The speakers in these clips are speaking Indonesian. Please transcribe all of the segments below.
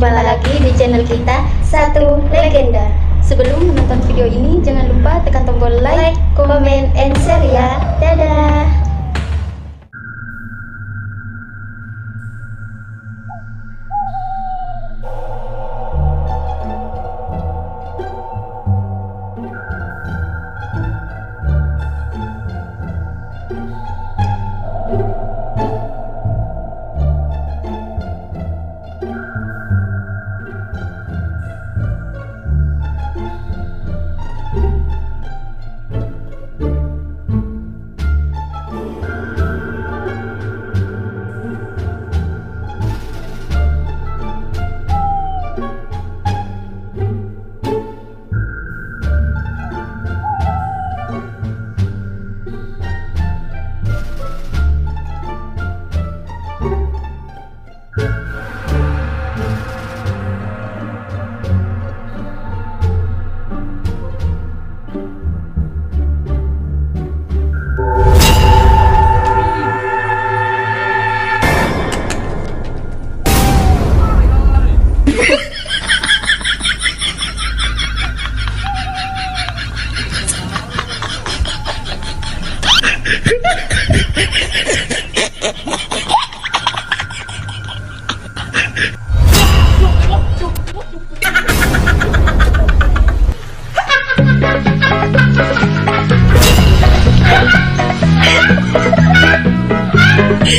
Jumpa lagi di channel kita Satu Legenda. Sebelum menonton video ini, jangan lupa tekan tombol like, comment, and share ya. Dadah.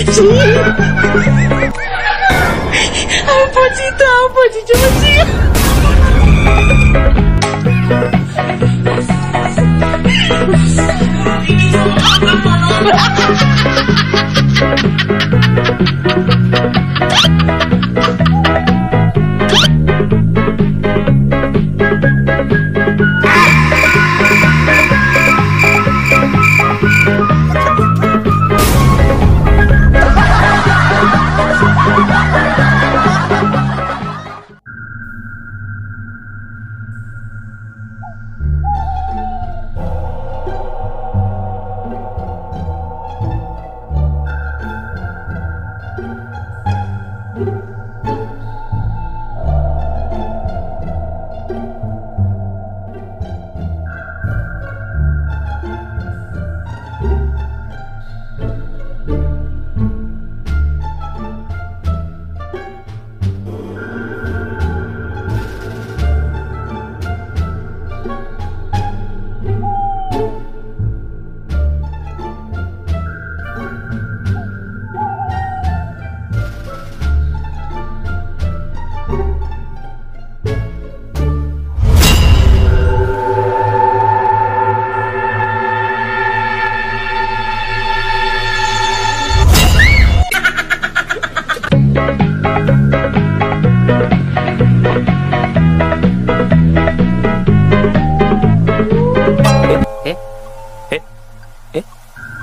Ai, pode então, pode, tiozinho.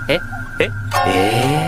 ええええー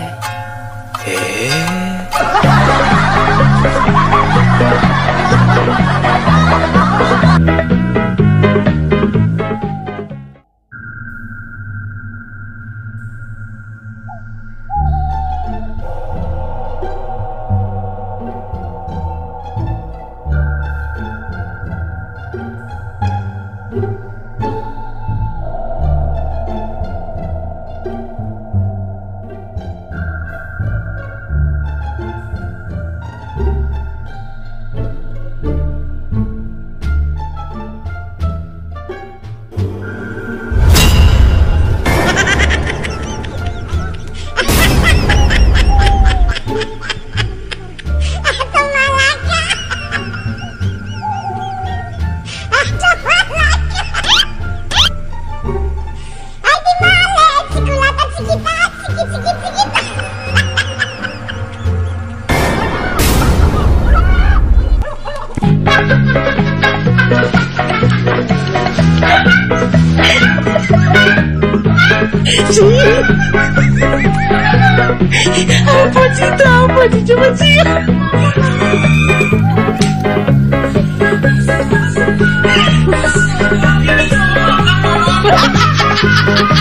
我不知道，我就这么记。哈哈哈哈哈！